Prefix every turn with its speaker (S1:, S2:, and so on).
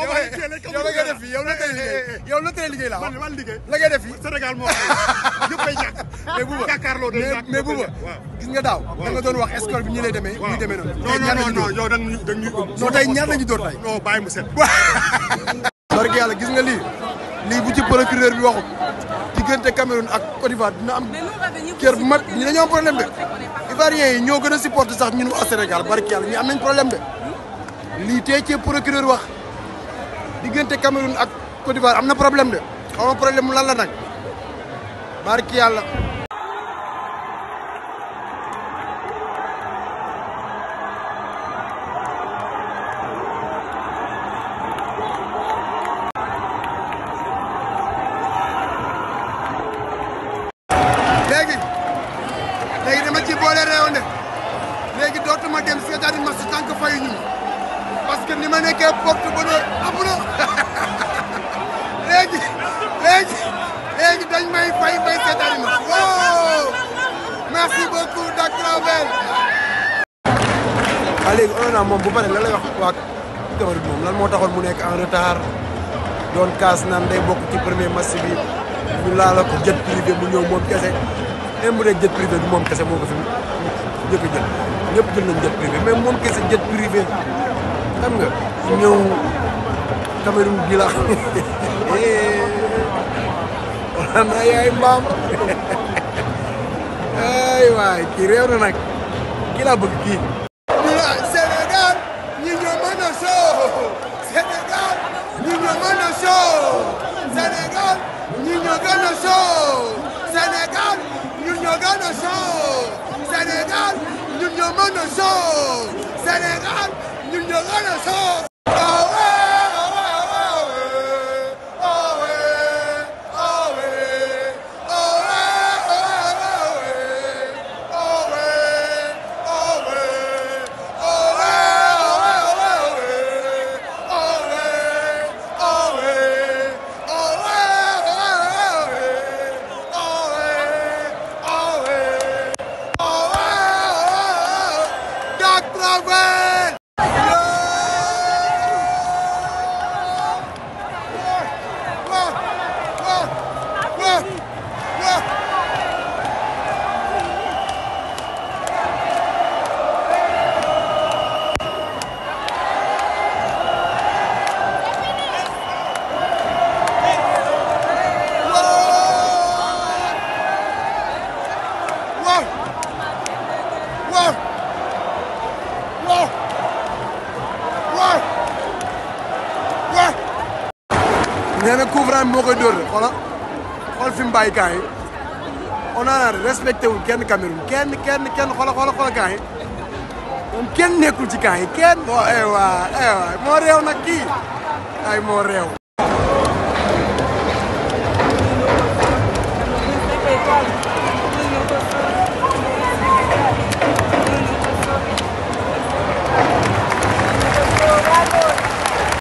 S1: yow la ngay def fii yow la tey liggéey yow la tey liggéey la man man liggéey la ngay def fii Sénégal moo yëpp ay ñàkk mais buuba jàkkaarloo de mais buuba gis nga daaw da nga doon wax escort bi ñi lay demee ñuy demee noonu non non yow dang dang ñu non tey ñaar lañu dóor tey non bàyyi mu set barke yàlla gis nga lii lii bu ci procureur bi waxu diggante Cameroun ak Côte d'Ivoire dina am kër bu mag ñi dañoo am problème de ivoiriens yi ñoo gën a supporté sax ñun waa Sénégal barke yàlla ñi am nañ problème de lii tey ci procureur wax diggante Cameroun ak Côte am na problème de xaw ma problème mu lan la nag barki yàlla. léegi léegi dama ci boole réew ne léegi dootuma dem seetaani match tant que fayu ñu que ma nekkee porte bonheur amu na léegi léegi moom ah, bu pare lan lay wax waa Cameroun moom lan moo taxoon mu nekk en retard doon kaas naan day bokk ci premier match bi ñu laala ko jet privé mu ñëw moom kese même kese moo ko a jël ñëpp jël privé mais moom kese jet privé. xam nga ñëw Cameroun gi la eh wala naa yaay mbaam ay waay kii réew na nag kii laa bëgg kii ñu la Sénégal ñu ñu mën a soo Sénégal ñu ñu mën a soo Sénégal ñu ñu gën a soo Sénégal ñu ñu gën a soo Sénégal
S2: ñu ñu mën a soo Sénégal Broadway!
S1: nee na couvrant bi moo koy dóor xoolal xool fi mu bàyyi gars yi on a respecté wul kenn Cameroun kenn kenn kenn xoolal xoolal xoolal gars yi moom kenn nekkul ci gars yi kenn. boo eh aywa eh aywa moo réew nag kii ay moo réew.